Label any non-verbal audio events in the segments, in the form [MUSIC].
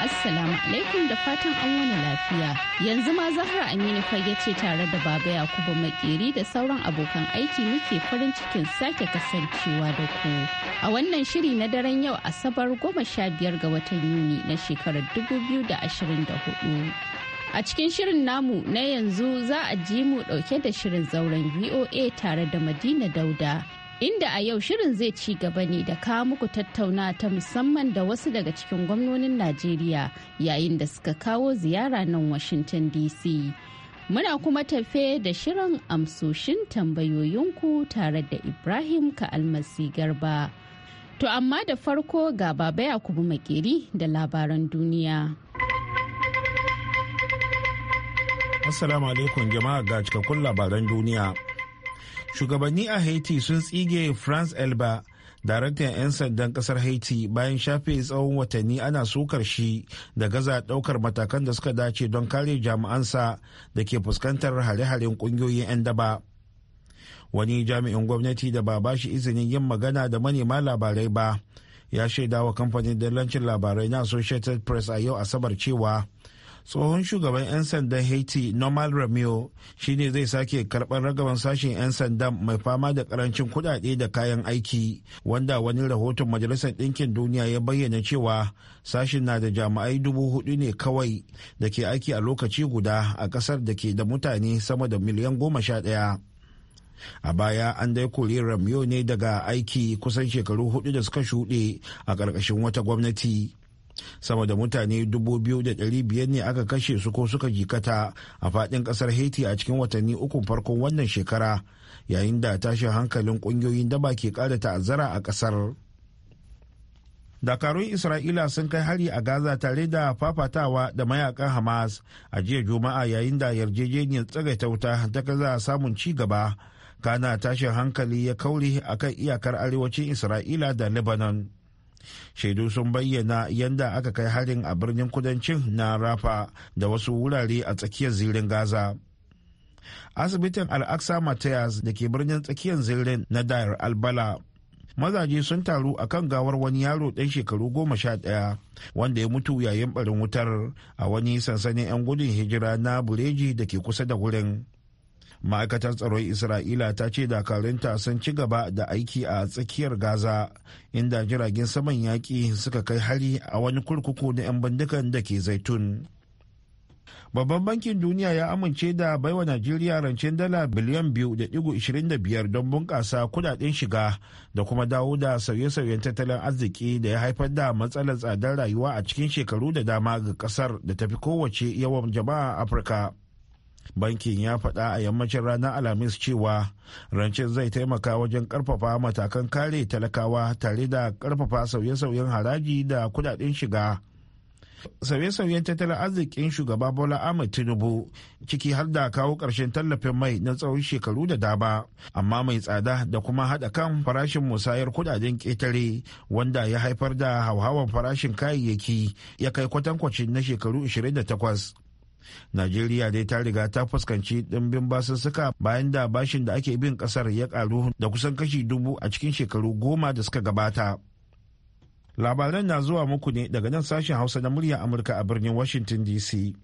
Assalamu alaikum da fatan an wani lafiya. Yanzu ma Zahra Aminu fage ce tare da Baba Yakubu Makeri da sauran abokan aiki muke farin cikin sake kasancewa da ku. A wannan shiri na daren yau Asabar goma sha biyar ga watan Yuni na shekarar dubu biyu da ashirin da hudu. A cikin shirin namu na yanzu za a ji mu dauke da shirin zauren VOA tare da Madina Dauda inda a yau shirin zai ci gaba ne da kawo muku tattauna ta musamman da wasu daga cikin gwamnonin najeriya yayin da suka kawo ziyara nan washington dc muna kuma tafe da shirin amsoshin tambayoyinku tare da ibrahim ka almasi garba to amma da farko ga baba ya yakubu makeri da labaran duniya assalamu alaikum jama'a ga cikakkun labaran duniya shugabanni a haiti sun tsige france elba daraktan 'yan sandan kasar haiti bayan shafe tsawon watanni ana sukar shi da gaza daukar matakan da suka dace don kare jami'ansa da ke fuskantar hare-haren kungiyoyin 'yan daba wani jami'in gwamnati da ba ba shi izinin yin magana da manema labarai ba ya shaidawa kamfanin dillancin labarai na associated press a yau asabar cewa tsohon shugaban 'yan sandan haiti normal ramio shine zai sake karɓar ragaban sashen 'yan sandan mai fama da karancin kudade da kayan aiki wanda wani rahoton majalisar ɗinkin duniya ya bayyana cewa sashen na da jami'ai dubu hudu ne kawai da ke aiki a lokaci guda a ƙasar da ke da mutane sama da miliyan goma sha ɗaya a baya an dai kori ramyo ne daga aiki kusan shekaru hudu da suka shuɗe a ƙarƙashin wata gwamnati sama da mutane 2,500 ne aka kashe su ko suka jikata a faɗin ƙasar haiti a cikin watanni uku farkon wannan shekara yayin da tashin hankalin ƙungiyoyin daba ke ƙara ta'azzara a ƙasar dakarun isra'ila sun kai hari a gaza tare da fafatawa da mayakan hamas a jiya juma'a yayin da yarjejeniyar tsagaita wuta ta kaza samun ci gaba kana tashin hankali ya kauri akan iyakar arewacin isra'ila da lebanon shaidu sun bayyana yadda aka kai harin a birnin kudancin na rafa da wasu wurare a tsakiyar zirin gaza asibitin Al-Aqsa matthias da ke birnin tsakiyar zirin na dayar albala mazaje sun taru a kan gawar wani yaro ɗan shekaru goma sha ɗaya wanda ya mutu yayin barin wutar a wani sansanin 'yan gudun hijira na bureji da ke kusa da wurin ma'aikatar tsaron isra'ila ta ce dakarunta sun ci gaba da aiki a tsakiyar gaza inda jiragen saman yaƙi suka kai hari a wani kurkuku na 'yan bindigan da ke zaitun babban bankin duniya ya amince da baiwa najeriya rancen dala biliyan 2.25 don bunƙasa kudaden shiga da kuma dawo da sauye-sauyen tattalin arziki da ya haifar da matsalar tsadar rayuwa a cikin shekaru da dama ga kasar da tafi kowace yawan jama'a afirka bankin ya faɗa a yammacin ranar alhamis cewa rancen zai taimaka wajen karfafa matakan kare talakawa tare da karfafa sauye-sauyen haraji da kudaden shiga sauye-sauyen tattalin arzikin shugaba bola ahmed tinubu ciki har da kawo ƙarshen tallafin mai na tsawon shekaru da daba amma mai tsada da kuma haɗa kan farashin musayar kudaden ƙetare wanda ya haifar da hauhawan farashin kayayyaki ya kai kwatankwacin na shekaru 28 najeriya dai ta riga ta fuskanci ɗimbin basussuka bayan da bashin da ake bin ƙasar ya ƙaru da kusan kashi dubu a cikin shekaru goma da suka gabata labaran na zuwa muku ne daga nan sashen hausa na murya amurka a birnin washington dc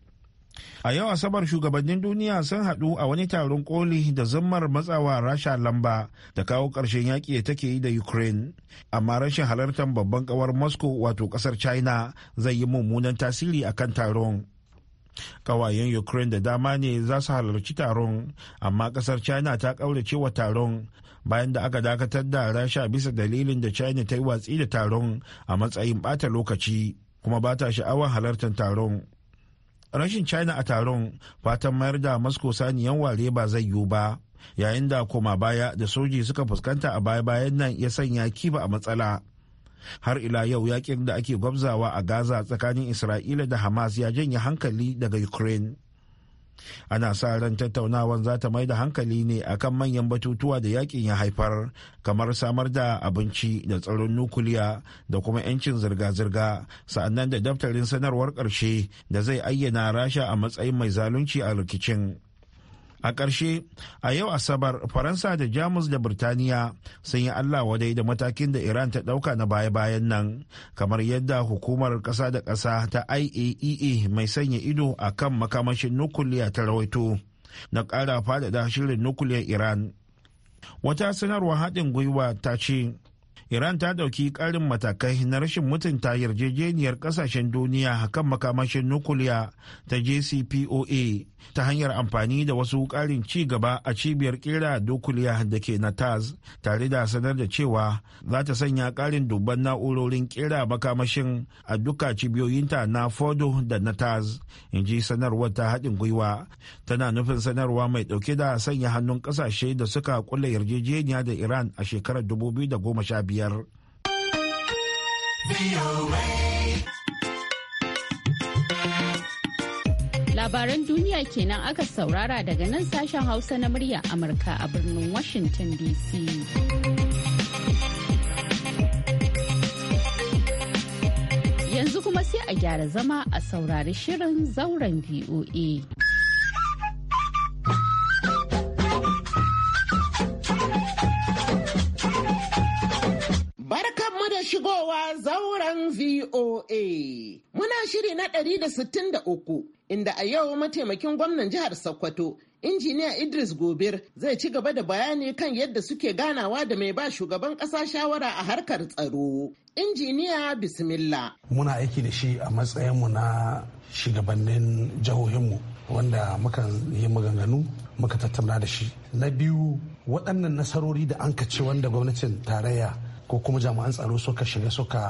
a yau asabar shugabannin duniya sun haɗu a wani taron koli da zammar matsawa rasha lamba da kawo ƙarshen yaƙi da take yi da ukraine amma rashin halartar babban kawar moscow wato ƙasar china zai yi mummunan tasiri a kan taron Kawayen Ukraine da dama ne za su halarci taron, amma kasar China ta ƙaurace wa taron bayan da aka dakatar da rasha bisa dalilin da China ta yi watsi da taron a matsayin ɓata lokaci kuma ba ta sha'awar halartar taron. Rashin China a taron fatan mayar da Moscow saniyan ware ba zai yiwu ba. yayin da koma baya da soji suka fuskanta a baya-bayan nan ya sanya kiba a matsala har ila yau yakin da ake gwabzawa a gaza tsakanin isra'ila da hamas ya janye hankali daga ukraine ana sa ran tattaunawan za ta mai da hankali ne akan manyan batutuwa da yakin ya haifar kamar samar da abinci da tsaron nukuliya da kuma 'yancin zirga-zirga sa'annan da daftarin sanarwar ƙarshe da zai ayyana rasha a matsayin mai zalunci a rikicin a ƙarshe a yau asabar faransa da jamus da birtaniya sun yi allah wadai da matakin da iran ta ɗauka na baya-bayan nan kamar yadda hukumar ƙasa da ƙasa ta iaea e mai sanya ido a kan makamashin nukuliya ta rawaito na ƙara faɗaɗa shirin nukuliyar iran wata sanarwar haɗin gwiwa ta ce Iran ta ɗauki ƙarin matakai na rashin mutunta yarjejeniyar ƙasashen duniya kan makamashin nukuliya ta JCPOA ta hanyar amfani da wasu ƙarin ci gaba a cibiyar ƙera dokuliya da ke na Taz tare da sanar da cewa za ta sanya ƙarin dubban na'urorin ƙera makamashin a duka cibiyoyinta na Fodo da Taz in ji sanarwar ta haɗin gwiwa. Tana nufin sanarwa mai ɗauke da sanya hannun ƙasashe da suka kulla yarjejeniya da Iran a shekarar 2015. labaran duniya kenan aka saurara daga nan sashen hausa na murya amurka a birnin washington dc yanzu kuma sai a gyara zama a saurari shirin zauren voa shiri na 163 inda a yau mataimakin gwamnan jihar Sokoto injiniya Idris Gobir zai ci gaba da bayani kan yadda suke ganawa da mai ba shugaban ƙasa shawara a harkar tsaro. Injiniya Bismillah. Muna aiki da shi a matsayinmu na shugabannin jihohinmu wanda muka yi maganganu muka tattauna da shi. Na biyu waɗannan nasarori da an ce wanda gwamnatin tarayya ko kuma jami'an tsaro suka shiga suka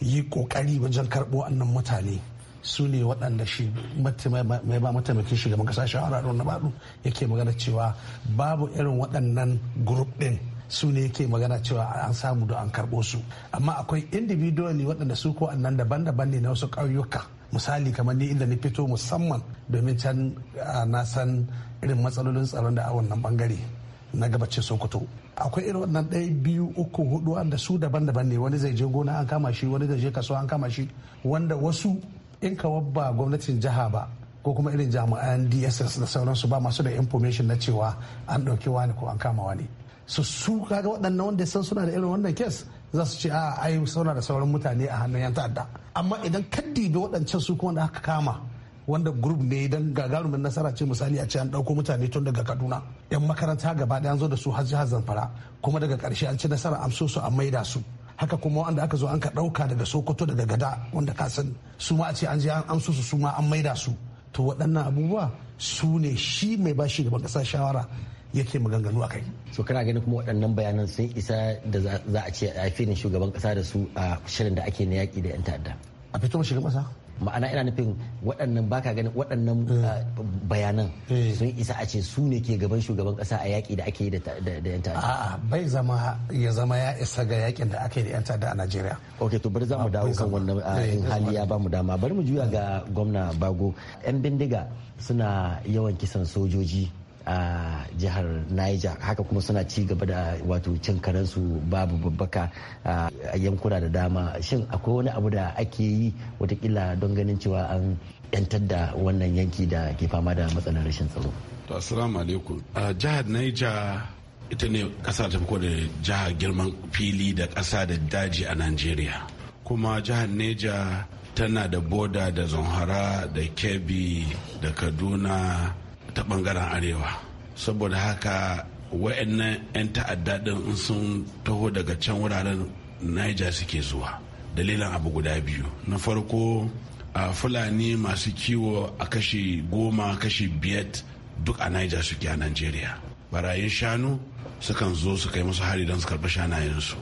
yi ƙoƙari wajen karɓo annan mutane. su ne waɗanda shi mai ba mataimakin shugaban kasa shawara na baɗu yake magana cewa babu irin waɗannan group ɗin su ne yake magana cewa an samu da an karɓo su amma akwai ne waɗanda su ko annan daban-daban ne na wasu ƙauyuka misali kamar ni inda ni fito musamman domin can na san irin matsalolin tsaron da a wannan bangare na gabacin sokoto akwai irin wannan ɗaya biyu uku hudu wanda su daban-daban ne wani zai je gona an kama shi wani zai je kasuwa an kama shi wanda wasu in kawar ba gwamnatin jiha ba ko kuma irin jami'an dss da sauransu ba masu da information na cewa an ɗauki wani ko an kama wani su su kaga waɗannan wanda san suna da irin wannan kes za su ce a ah, ai suna da sauran mutane a hannun yan ta'adda amma idan kaddi da waɗancan su kuma da aka kama wanda group ne don gagarumin nasara ce misali a ce an ɗauko mutane tun daga kaduna yan makaranta gaba ɗaya an zo da su har jihar zamfara kuma daga ƙarshe an ci nasara amso su a maida su haka kuma wanda aka zo an ka ɗauka daga sokoto daga gada wanda ka san su ma a ce an je an amsu su su ma an maida su to waɗannan abubuwa su ne shi mai ba shugaban ƙasa shawara yake maganganu a kai. so kana ganin kuma waɗannan bayanan sun isa da za a ce a filin shugaban kasa da su a shirin da ake na yaƙi da 'yan ta'adda. a fito shirin ƙasa ma'ana ina nufin waɗannan baka ganin waɗannan eh. ah, bayanan eh. sun isa a ce su ne ke gaban shugaban kasa a yaƙi da ake yi da yan ta'adda a'a bai zama ya zama ya isa ga yaƙin da ake yi da yan ta'adda a Najeriya ok to bari za mu ah, dawo kan wannan ah, eh, in hali ya bamu dama bari mu juya ga gwamna Bago yan bindiga suna yawan kisan sojoji a jihar niger haka kuma suna ci gaba da wato cin karensu babu babbaka a yankuna da dama shin akwai wani abu da ake yi watakila don ganin cewa an yantar da wannan yanki da ke fama da matsalar rashin tsaro to assalamu alaikum a jihar niger ita ne kasa ta da jihar girman fili da kasa da daji a Najeriya. kuma jihar niger tana da boda da zonhara da kebbi da kaduna ta bangaren arewa saboda haka wa'annan 'yan ta'adda din sun taho daga can wuraren niger suke zuwa dalilin abu guda biyu na farko a fulani masu kiwo a kashi goma kashi biyat duk a niger suke a nigeria barayin shanu sukan zo su kai musu hari don su karɓi shanayensu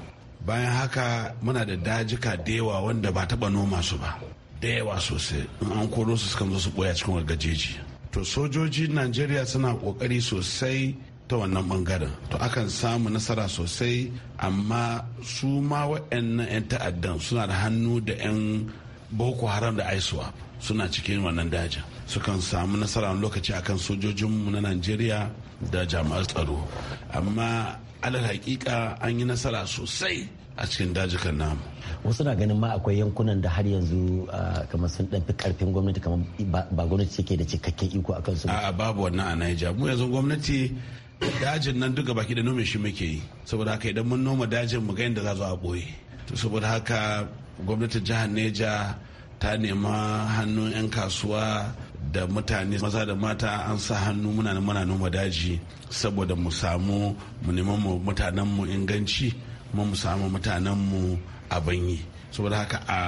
bayan haka muna da dajika da yawa wanda ba taɓa noma su ba da yawa sosai in an koro su sukan zo su ɓoya cikin gajeji to sojojin najeriya suna kokari sosai ta wannan bangaren to akan samu nasara sosai amma su ma waɗannan 'yan ta'addan suna da hannu da 'yan boko haram da aisuwa suna cikin wannan dajin sukan samu nasara wani lokaci akan sojojin mu na najeriya da jami'ar tsaro amma alal hakika an yi nasara sosai a cikin dajukan namu wasu na ganin ma akwai yankunan da har yanzu kamar sun ɗanfi karfin gwamnati kamar ba gwamnati ke da cikakken iko a kansu a babu wannan a naija mu yanzu gwamnati dajin nan duka baki da nome shi muke yi saboda haka idan mun noma dajin mu ga da za zo a ɓoye saboda haka gwamnatin jihar neja ta nema hannun 'yan kasuwa da mutane maza da mata an sa hannu muna muna noma daji saboda mu samu mu neman mutanen mu inganci kuma mu samu mutanenmu a banyi saboda haka a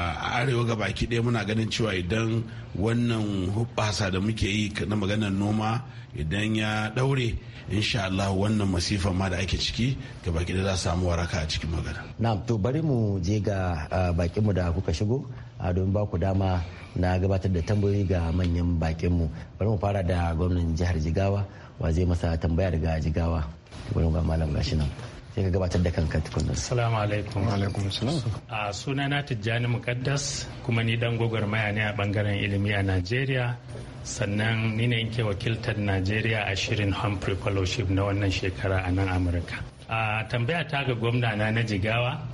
arewa ga baki ɗaya muna ganin cewa idan wannan hubbasa da muke yi na maganar noma idan ya ɗaure insha Allah wannan masifa ma da ake ciki ga baki ɗaya za samu waraka a cikin magana. na to bari mu je ga bakinmu da kuka shigo a domin ba ku dama na gabatar da tambayoyi ga manyan bakin mu bari mu fara da gwamnan jihar Jigawa wa zai masa tambaya daga Jigawa. Bari malam gashi sai ka gabatar da kanka tukunan. salamu alaikum. alaikum A suna na Tijjani Mukaddas kuma ni dan gwagwarmaya ne a bangaren ilimi a Najeriya. Sannan ni ne ke wakiltar Najeriya a shirin Humphrey Fellowship na wannan shekara a nan Amurka. A tambaya ta ga gwamna na na Jigawa,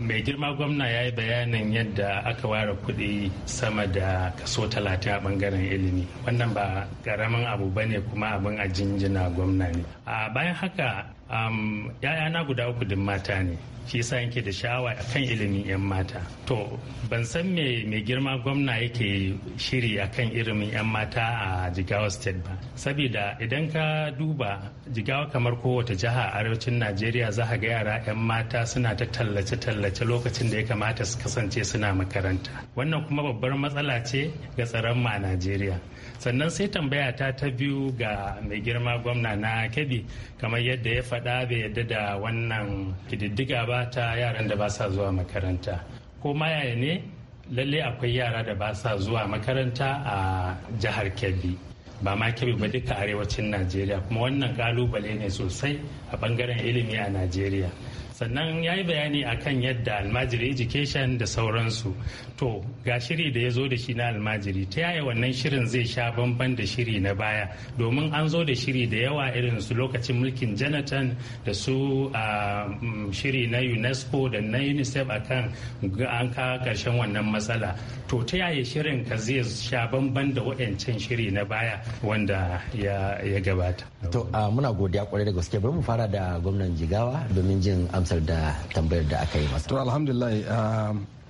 mai girma gwamna ya yi bayanin yadda aka ware kuɗi sama da kaso talatin a bangaren ilimi wannan ba ƙaramin abu ba ne kuma abin a jinjina gwamna ne a bayan haka um, ‘ya'yana guda uku din mata ne shi yasa yake da sha'awa kan ilimin 'yan mata to ban san me mai girma gwamna yake shiri akan ilimin 'yan mata a jigawa state ba saboda idan ka duba jigawa kamar kowace jiha a arewacin najeriya za ga yara 'yan mata suna ta tallace-tallace lokacin da ya kamata su kasance suna makaranta wannan kuma babbar matsala ce ga tsaron ma najeriya sannan sai tambaya ta ta biyu ga mai girma gwamna na kebi kamar yadda ya faɗa bai yadda da wannan kididdiga ba yaran da ba sa zuwa makaranta ko ma yaya ne lalle akwai yara da ba sa zuwa makaranta a jihar kebbi ba ma kebbi ba duka arewacin najeriya kuma wannan kalubale ne sosai a bangaren ilimi a najeriya sannan ya yi bayani akan yadda almajiri education da sauransu to ga shiri da ya zo da shi na almajiri ta yaya wannan shirin zai sha bamban da shiri na baya domin an zo da shiri da yawa irin su lokacin mulkin jonathan da su mm, shiri na unesco da na unicef akan an kawo karshen wannan matsala to ta yaya shirin ka zai sha bamban da wa'ancan shiri na baya wanda ya gabata to muna godiya kwarai da gaske bari mu fara da gwamnan jigawa domin jin amsar da tambayar da aka yi masa to alhamdulillah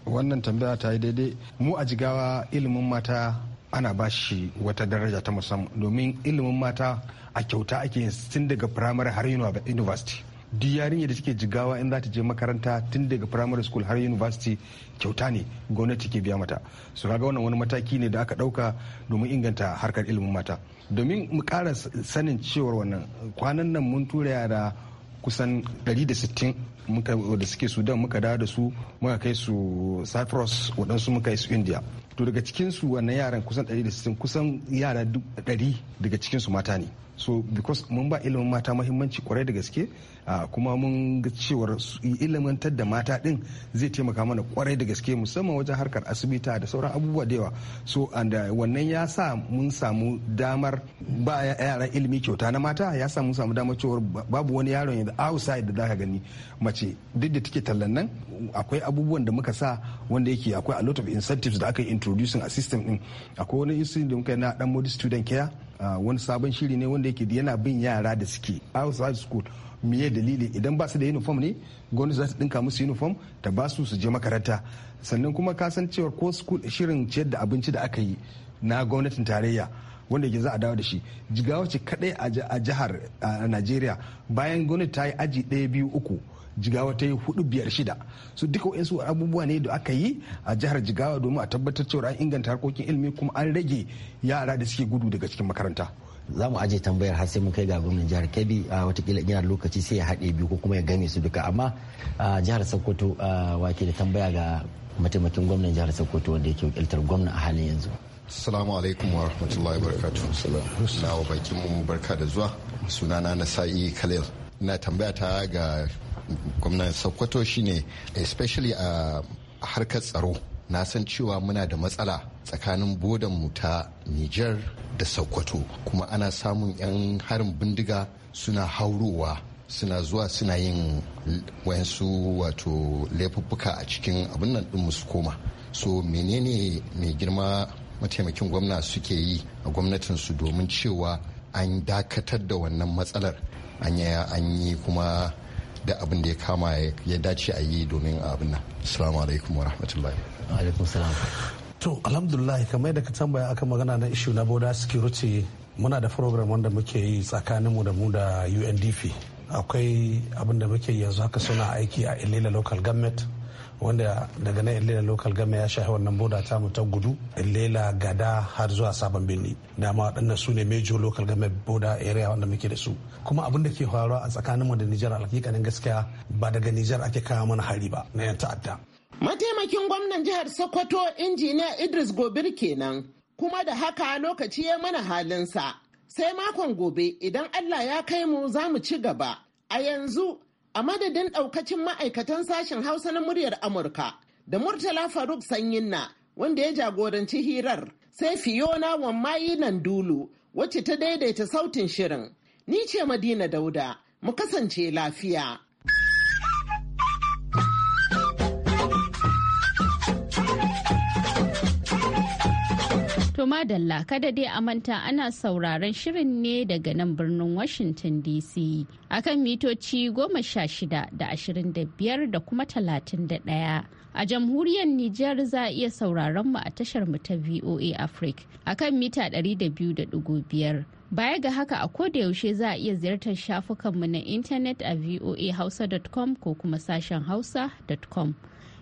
wannan tambaya ta yi daidai mu a jigawa ilimin mata ana ba shi wata daraja ta musamman domin ilimin mata a kyauta ake yin tun daga firamare har university duk yarinya da take jigawa in za ta je makaranta tun daga primary school har university kyauta ne gwamnati ke biya mata su kaga wannan wani mataki ne da aka dauka domin inganta harkar ilimin mata domin mu kara sanin cewar wannan kwanan nan mun tura yara kusan 160 da suke sudan muka dawo da su muka kai su cyprus waɗansu muka kai su india to daga cikinsu wannan yaran kusan 160 kusan yara 100 daga cikinsu mata ne so because mun ba ilimin mata mahimmanci kwarai da gaske kuma mun ga cewar ilimantar da mata din zai taimaka mana kwarai da gaske musamman wajen harkar asibita da sauran abubuwa da yawa so and uh, wannan ya sa mun samu damar ba yara ilimi kyauta na mata ya sa mun samu damar cewar babu wani yaron da outside da zaka gani mace duk da take tallan nan akwai abubuwan da muka sa wanda yake akwai a lot of incentives da aka introducing a system din akwai wani institute da muka yi na dan modi student care wani sabon shiri ne wanda yake yana bin yara da suke outside school miye dalili idan ba su da uniform ne gwamnati za su dinka musu uniform ta ba su su je makaranta sannan kuma ka san cewa ko school shirin ciyar da abinci da aka yi na gwamnatin tarayya wanda yake za a dawo da shi jigawa ce kadai a jihar a najeriya bayan gwamnati ta yi aji ɗaya biyu uku jigawa ta yi hudu biyar shida su duka su abubuwa ne da aka yi a jihar jigawa domin a tabbatar cewa an inganta harkokin ilimi kuma an rage yara da suke gudu daga cikin makaranta za mu aje tambayar har sai mun kai ga gwamnan jihar kebbi a watakila yana lokaci sai ya haɗe biyu ko kuma ya gane su duka amma jihar sokoto wake da tambaya ga mataimakin gwamnan jihar sokoto wanda yake wakiltar gwamna a halin yanzu Assalamu alaikum wa rahmatullahi wa barakatuhu. Na wa bakin mu barka da zuwa. Sunana na sa'i Khalil. na tambaya ta ga gwamnan sokoto shine especially a harkar tsaro na san cewa muna da matsala tsakanin mu ta niger da sokoto kuma ana samun 'yan harin bindiga suna haurowa suna zuwa suna yin wayansu wato laifuffuka a cikin abin nan ɗin su koma so menene mai girma mataimakin gwamna suke yi a gwamnatin su domin cewa an dakatar da wannan matsalar an yi kuma da abin da ya kama ya dace a yi domin abin nan assalamu alaikum wa rahmatullahi alaikum salam to alhamdulillah kamar yadda ka tambaya aka magana na ishu na border security muna da program wanda muke yi tsakanin mu da mu da undp akwai abin da muke yanzu haka suna aiki a ilila local government wanda daga nan illela local gama ya shafi wannan boda ta mu ta gudu illela gada har zuwa sabon birni dama waɗannan su ne major local game boda area wanda muke da su kuma abin da ke faruwa a tsakanin mu da nijar alhakikanin gaskiya ba daga nijar ake kawo mana hari ba na yan ta'adda mataimakin gwamnan jihar sokoto injiniya idris gobir kenan kuma da haka lokaci ya mana halin sa sai makon gobe idan allah ya kai mu za mu ci gaba a yanzu A madadin ɗaukacin ma'aikatan sashen Hausa na muryar Amurka da Murtala Faruk Sanyinna wanda ya jagoranci hirar sai Fiona Wammayi dulu, wacce ta daidaita sautin shirin. Ni ce Madina Dauda, mu kasance lafiya. To madalla kada dai a manta ana sauraron shirin ne daga nan birnin Washington DC akan mitoci goma sha shida da ashirin da biyar da kuma talatin da ɗaya. A jamhuriyar Nijar za a iya sauraron mu a tashar mu ta VOA Africa akan mita ɗari da biyu da ɗigo biyar. Baya ga haka a yaushe za a iya ziyartar shafukanmu na intanet a voahausa.com ko kuma sashen hausa.com.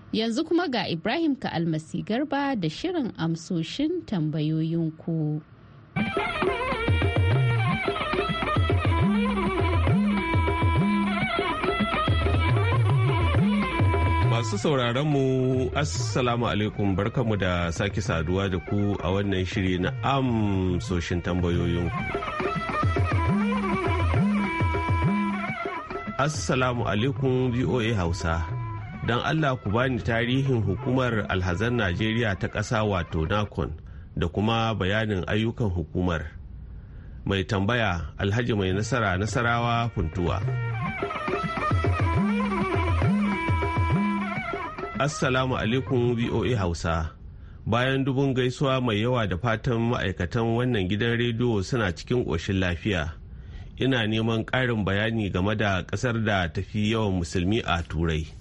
Yanzu kuma ga Ibrahim ka almasi garba da shirin amsoshin tambayoyinku. Masu sauraron mu Assalamu alaikum barkamu da sake saduwa da ku a wannan shiri na amsoshin tambayoyin. Assalamu alaikum VOA Hausa. don allah ku bani tarihin hukumar alhazan najeriya ta ƙasa wato nakon da kuma bayanin ayyukan hukumar mai tambaya alhaji mai nasara nasarawa funtuwa assalamu alaikum voa hausa bayan dubun gaisuwa mai yawa da fatan ma'aikatan wannan gidan rediyo suna cikin ƙoshin lafiya ina neman ƙarin bayani game da ƙasar da tafi yawan musulmi a turai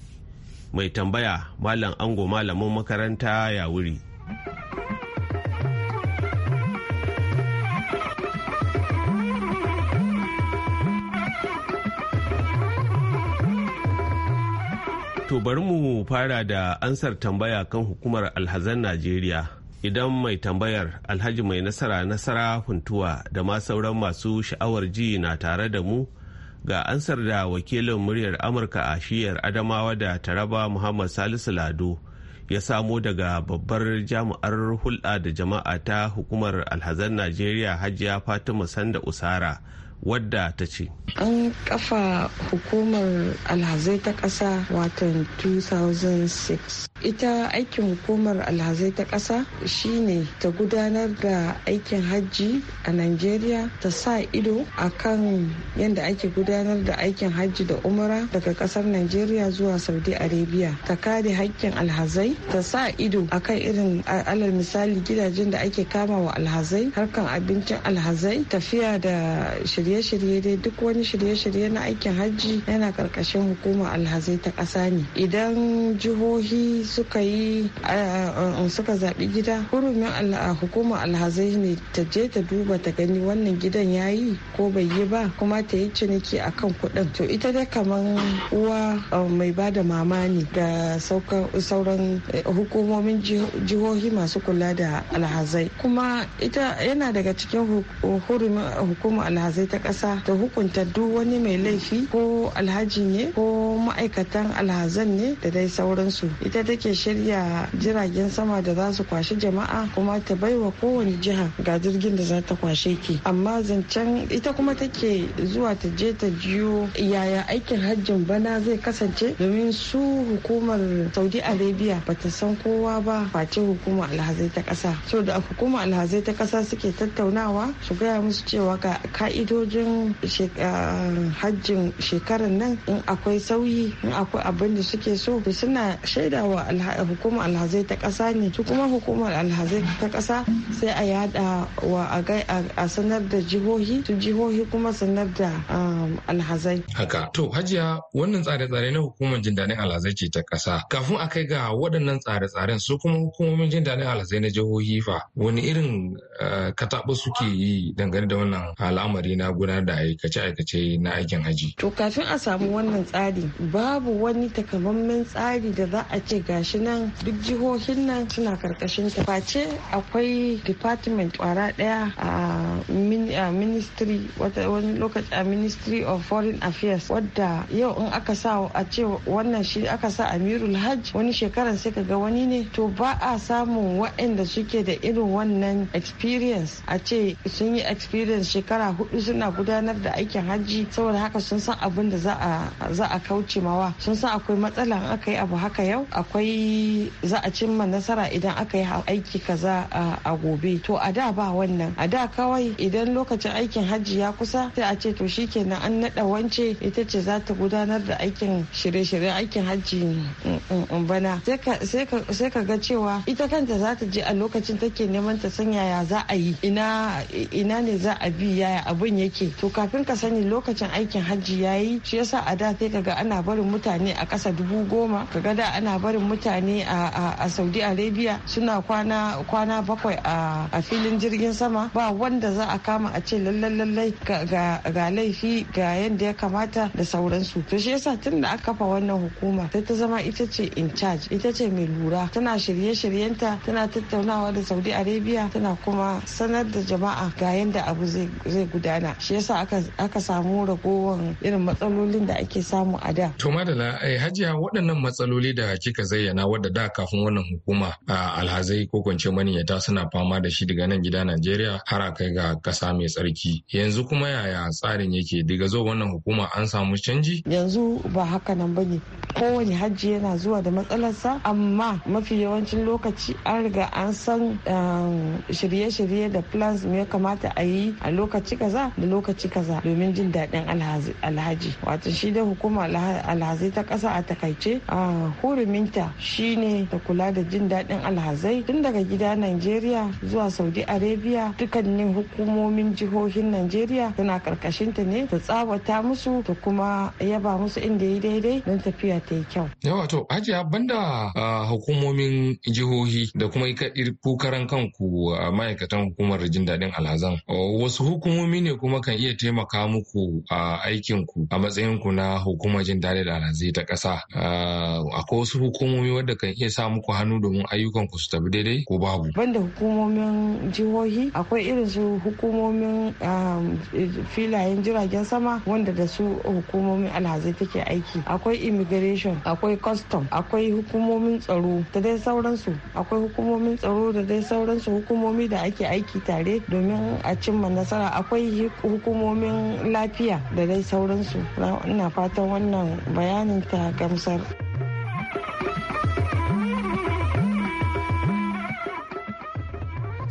mai tambaya malam ango malamin makaranta ya wuri To bari mu fara da ansar tambaya kan hukumar alhazan Najeriya. Idan mai tambayar Alhaji mai nasara nasara huntuwa da ma sauran masu sha'awar ji na tare da mu ga ansar da wakilin muryar amurka a shiyar adamawa da taraba muhammad salisu lado ya samo daga babbar jami'ar hulɗa da jama'a ta hukumar alhazan najeriya hajiya fatima sanda usara wadda ta ce an kafa hukumar alhazai ta ƙasa watan 2006 ita aikin hukumar alhazai ta ƙasa shine ta gudanar da aikin hajji a nigeria ta sa ido a kan yadda ake gudanar da aikin hajji da umara daga ƙasar nigeria zuwa saudi arabia ta kare hakkin alhazai ta sa ido a kan irin alal misali gidajen da ake kama wa alhazai harkan abincin alhazai tafiya da shirye-shirye dai duk wani shirye-shirye na aikin hajji yana karkashin hukumar alhazai ta ƙasa ne idan jihohi suka yi eh, eh, eh, suka zaɓi gida hurumin hukumar alhazai ne ta je ta duba ta gani wannan gidan ya yi ko bai yi ba kuma ta yi ciniki a kan kuɗin to ita dai kamar uwa mai ba da mama ne da sauran hukumomin jihohi masu kula da alhazai kuma ita yana daga cikin hurumin hukumar alhazai ta ta ƙasa ta hukunta duk wani mai laifi ko alhaji ne ko ma'aikatan alhazan ne da dai sauransu ita take shirya jiragen sama da za su kwashi jama'a kuma ta baiwa kowane jiha ga jirgin da za ta kwashe ki amma zancen ita kuma take zuwa ta je ta jiyo yaya aikin hajjin bana zai kasance domin su hukumar saudi arabia bata san kowa ba face hukumar alhazai ta ƙasa so da hukumar alhazai ta ƙasa suke tattaunawa su gaya musu cewa ka ka'idoji sojojin hajjin shekarar nan in akwai sauyi in akwai abin da suke so suna wa hukumar alhazai ta kasa ne su kuma hukumar alhazai ta kasa sai a yada wa a sanar da jihohi su jihohi kuma sanar da um, alhazai haka to hajiya wannan tsare-tsare na hukumar jindanin alhazai ce ta ƙasa kafin a kai ga waɗannan tsare-tsaren su kuma hukumomin jindanin alhazai na jihohi fa wani irin eh, kataɓo suke yi dangane da wannan al'amari na gudanar da aikace-aikace na aikin haji. To kafin a samu wannan tsari babu wani takamammen tsari da za a ce gashi nan duk jihohin nan suna karkashin ta. Face akwai department kwara daya a ministry wani lokaci a ministry of foreign affairs wadda yau in aka sa a ce wannan shi aka sa amirul hajj wani shekaran sai ka ga wani ne to ba a samun waɗanda suke da irin wannan experience a ce sun yi experience shekara hudu suna ana gudanar da aikin hajji saboda haka sun san abin da za a kauce mawa sun san akwai matsala in aka yi abu haka yau akwai za a cimma nasara idan aka yi aiki kaza a gobe to a da ba wannan a da kawai idan lokacin aikin hajji ya kusa sai a ce to shikenan an naɗa wance ita ce za ta gudanar da aikin shirye-shiryen aikin hajji mm, mm, mm, bana sai ka ga cewa ita kanta za ta je a lokacin take neman ta san yaya za a yi ina ne za a bi yaya abin yake to kafin ka sani lokacin aikin hajji ya yi shi yasa a da sai kaga ana barin mutane a ƙasa dubu goma kaga da ana barin mutane a saudi arabia suna kwana kwana bakwai a filin jirgin sama ba wanda za a kama a ce lallai lallai ga laifi ga yadda ya kamata da sauransu to shi yasa tun da aka kafa wannan hukuma sai ta zama ita ce in charge ita ce mai lura tana shirye-shiryenta tana tattaunawa da saudi arabia tana kuma sanar da jama'a ga yadda abu zai gudana shi yasa aka samu ragowar irin matsalolin da ake samu a da. To madala eh, hajiya waɗannan matsaloli da kika zayyana wadda da kafin wannan hukuma a alhazai ko kwance maniyyata suna fama da shi daga nan gida Najeriya har a kai ga ƙasa mai tsarki. Yanzu kuma yaya tsarin yake daga zo wannan hukuma an samu canji? Yanzu ba haka nan bane kowane hajji yana zuwa da matsalarsa amma mafi yawancin lokaci an riga an san um, shirye-shirye da plans me ya kamata a yi a lokaci kaza da lokaci kaza domin jin daɗin alhaji wato shi da hukuma alhazai ta ƙasa a takaice a huruminta ne ta kula da jin daɗin alhazai tun daga gida nigeria zuwa Saudi Arabia dukkanin hukumomin jihohin nigeria tana karkashinta ne ta tsawata musu ta kuma yaba musu inda ya daidai don tafiya ta yi kyau. Yawa Hajiya banda hukumomin jihohi da kuma ku karan kanku ma'aikatan hukumar jin daɗin alhazan wasu hukumomi ne kuma kuma kan iya taimaka muku a aikinku a matsayinku na hukumar jin daɗi da alhazai ta ƙasa. Akwai wasu hukumomi wadda kan iya sa muku hannu domin ayyukanku su tafi daidai ko babu. Banda hukumomin jihohi akwai irin su hukumomin um, filayen jiragen sama wanda da su hukumomin alhazai take aiki. Akwai immigration, akwai custom, akwai hukumomin tsaro da dai sauransu. Akwai hukumomin tsaro da dai sauransu hukumomi da ake aiki tare domin a cimma nasara. Akwai hukumomin lafiya da dai sauransu ina fatan wannan bayanin ta gamsar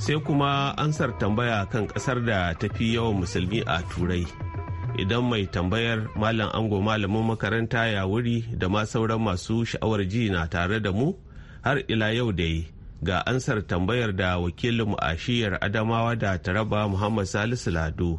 sai kuma ansar tambaya kan kasar da ta fi yawan musulmi a turai idan mai tambayar malam ango malamin makaranta ya wuri da ma sauran masu sha'awar ji na tare da mu har ila yau da yi ga ansar tambayar da wakilin mu a shiyar adamawa da taraba muhammad salisu lado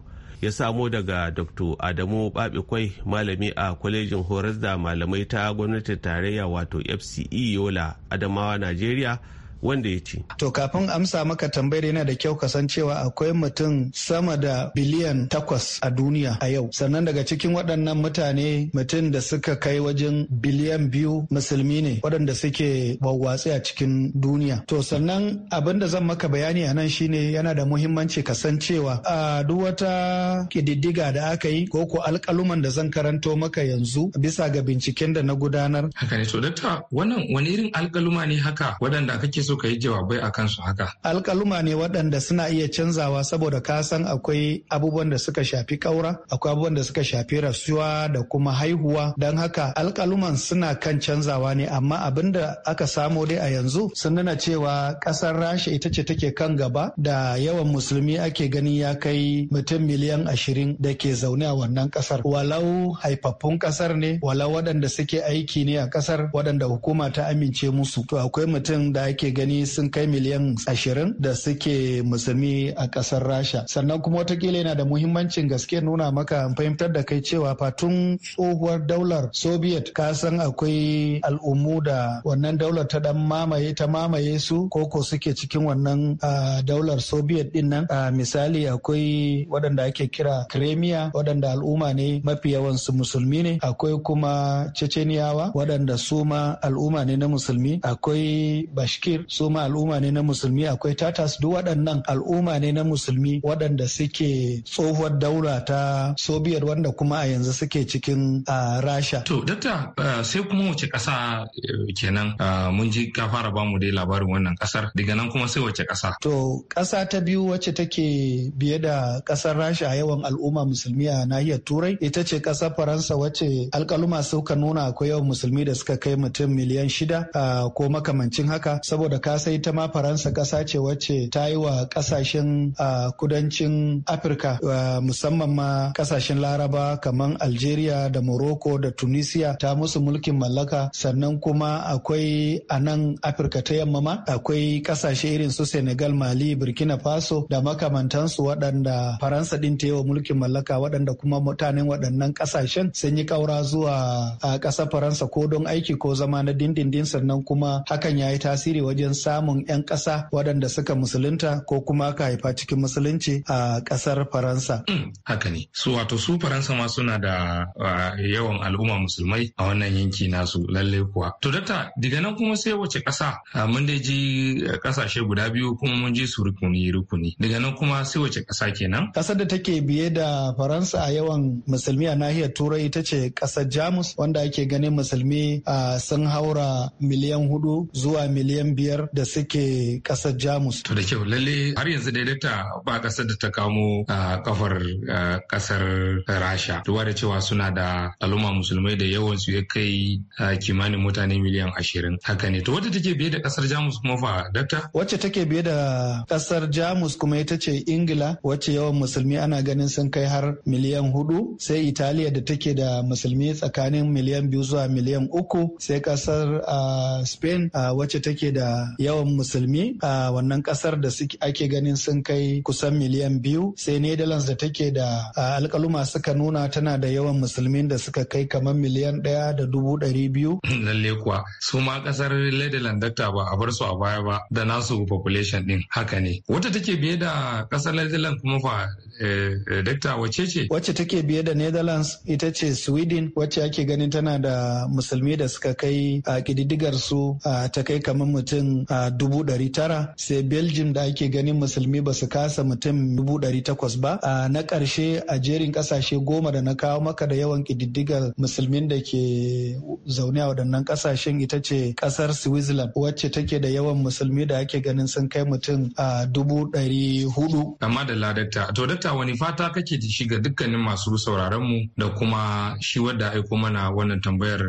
ya samo daga dr adamu babikwai malami a kwalejin horar da malamai ta gwamnatin tarayya wato fce yola adamawa najeriya wanda ya ce. To kafin amsa maka tambayar yana da kyau kasancewa akwai mutum sama da biliyan takwas a duniya a yau. Sannan daga cikin waɗannan mutane mutum da suka kai wajen biliyan biyu musulmi ne waɗanda suke wawwatsi a cikin duniya. To sannan abin da zan maka bayani a nan shine yana da muhimmanci kasancewa a duk wata kididdiga da aka yi ko ko alƙaluman da zan karanto maka yanzu bisa ga binciken da na gudanar. Haka ne to dakta wannan wani irin alƙaluma ne haka waɗanda kake so ka yi jawabai a kansu haka? Alkaluma ne waɗanda suna iya canzawa saboda ka san akwai abubuwan da suka shafi ƙaura, akwai abubuwan da suka shafi rasuwa da kuma haihuwa. Don haka alkaluman suna kan canzawa ne amma abin da aka samo dai a yanzu sun nuna cewa ƙasar Rasha ita ce take kan gaba da yawan musulmi ake ganin ya kai mutum miliyan ashirin da ke zaune a wannan ƙasar. Walau haifaffun ƙasar ne, walau waɗanda suke aiki ne a ƙasar waɗanda hukuma ta amince musu. To akwai mutum da ake gani sun kai miliyan ashirin da suke musulmi a ƙasar rasha sannan kuma watakila yana da muhimmancin gaske nuna maka fahimtar da kai cewa fatun tsohuwar daular soviet ka san akwai al'ummu da wannan daular ta dan mamaye ta mamaye su koko suke cikin wannan daular soviet din nan misali akwai waɗanda ake kira kremia waɗanda al'umma ne mafi yawansu musulmi ne akwai kuma ceceniyawa waɗanda su ma al'umma ne na musulmi akwai bashkir su ma al'umma ne na musulmi akwai tatas duk waɗannan al'umma ne na musulmi waɗanda suke tsohuwar daura ta sobiyar wanda kuma a yanzu suke cikin rasha. to dakta sai kuma wace ƙasa e, kenan mun ji ka fara bamu dai labarin wannan ƙasar daga nan kuma sai wace ƙasa. to ƙasa ta biyu wacce take biye da ƙasar rasha a yawan al'umma musulmi a nahiyar turai ita ce ƙasar faransa wacce alƙaluma suka nuna akwai yawan musulmi da suka kai mutum miliyan shida ko makamancin haka saboda da ka sai ta ma faransa ƙasa ce wacce ta yi wa ƙasashen kudancin afirka musamman ma ƙasashen laraba kamar algeria da morocco da tunisia ta musu mulkin mallaka sannan kuma akwai a nan afirka ta yamma ma akwai ƙasashe irin su senegal mali burkina faso da makamantansu waɗanda faransa ɗin ta yi wa mulkin mallaka waɗanda kuma mutanen waɗannan ƙasashen sun yi ƙaura zuwa a ƙasar faransa ko don aiki ko zama na dindindin sannan kuma hakan ya yi tasiri wajen wajen samun 'yan ƙasa waɗanda suka musulunta ko kuma ka haifa cikin musulunci a ƙasar Faransa. Hmm, haka ne. Su wato su Faransa ma suna da yawan al'umma musulmai a wannan yanki nasu lallai kuwa. To dakta daga nan kuma sai wace ƙasa mun dai ji ƙasashe guda biyu kuma mun ji su rukuni rukuni. Daga nan kuma sai wace ƙasa kenan? Ƙasar da take biye da Faransa a yawan musulmi a nahiyar Turai ita ce ƙasar Jamus wanda ake ganin musulmi sun haura miliyan hudu zuwa miliyan biyar biyar da suke kasar jamus to da kyau lalle har yanzu dai ta ba kasar da ta kamo kafar kasar rasha duba da cewa suna da al'umma musulmai da yawan su ya kai kimanin mutane miliyan ashirin haka ne to wacce take biye da kasar jamus kuma fa dakta wacce take biye da kasar jamus kuma ita ce ingila wacce yawan musulmi ana ganin sun kai har miliyan hudu sai italiya da take da musulmi tsakanin miliyan biyu zuwa miliyan uku sai kasar spain wacce take da yawan musulmi a wannan kasar da ake ganin sun kai kusan miliyan biyu sai Netherlands da take da alkaluma suka nuna tana da yawan musulmin da suka kai kamar miliyan ɗaya da dubu ɗari biyu. [LAUGHS] Lalle kuwa su ma kasar Netherlands dakta ba a bar su a baya ba da nasu population din haka ne. Wata take biye da kasar Netherlands kuma fa eh, eh, dakta wace ce? Wacce take biye da Netherlands ita ce Sweden wacce ake ganin tana da musulmi da suka kai a kididdigar su ta kai kamar mutum a dubu ɗari tara sai belgium da ake ganin musulmi ba su kasa mutum dubu ɗari takwas ba a na ƙarshe a jerin ƙasashe goma da na kawo maka da yawan ƙididdigar musulmin da ke zaune a waɗannan ƙasashen ita ce ƙasar switzerland wacce take da yawan musulmi da ake ganin sun kai mutum a dubu ɗari hudu. amma da ladatta to dakta wani fata kake ji shi ga dukkanin masu sauraron mu da kuma shi wadda aiko mana wannan tambayar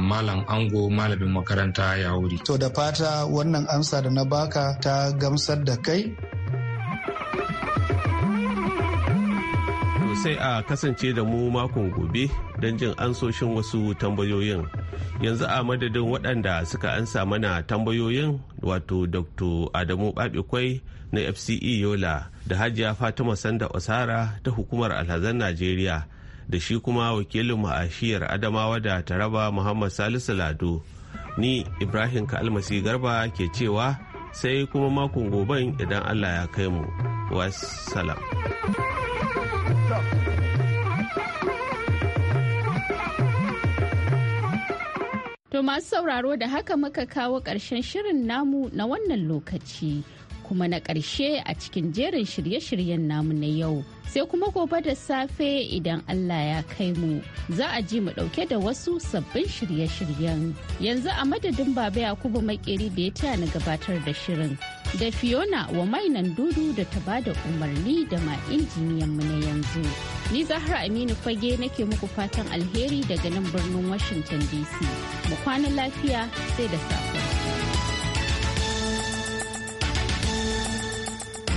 malam ango malamin makaranta ya wuri. to da fata wannan amsa da na baka ta gamsar da kai sai a kasance da mu makon gobe don jin ansoshin wasu tambayoyin yanzu a madadin waɗanda suka ansa mana tambayoyin wato dr adamu babikwai na fce yola da hajiya fatima sanda osara ta hukumar alhazan najeriya da shi kuma wakilin ma'ashiyar adamawa da taraba muhammad salisu lado Ni Ibrahim Kalmasi Garba ke cewa sai kuma makon goben idan Allah ya kai mu. wasalam. To masu sauraro da haka muka kawo ƙarshen shirin namu na wannan lokaci. kuma na ƙarshe a cikin jerin shirye-shiryen namu na yau. Sai kuma gobe da safe idan Allah ya kai mu, za a ji mu ɗauke da wasu sabbin shirye-shiryen. Yanzu a madadin Baba Yakubu Makeri da ya taya na gabatar da shirin. Da Fiona wa mainan dudu da ta bada umarni da ma injiniyan mu na yanzu. Ni Zahra Aminu Fage nake muku fatan alheri daga nan birnin Washington DC. Mu kwana lafiya sai da safe.